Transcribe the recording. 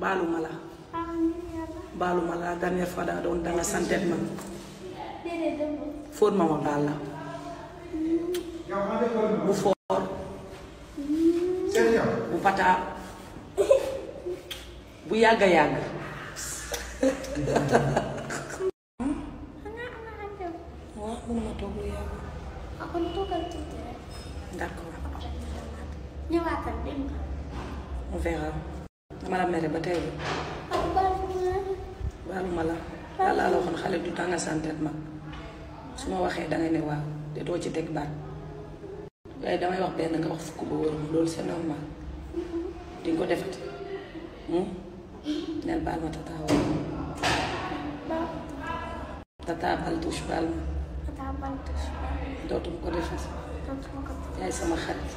baaluma la baaluma la dernière fois da nga doon da nga santet ma fóot ma ma bu foor bu pataa bu yàgg a d'accord on verra ma la mere ba tey bi baaluma la yàlla la waxoon xale du tànga santet mag su ma waxee dangay ne waaw te doo ci teg baat waaye damay wax benn nga wax fukk ba wóor loolu c'est normal di nga ko defati hmm? neen baal ma tata wala tata bal touche baal ma dootuma ko defati yaay sama xarit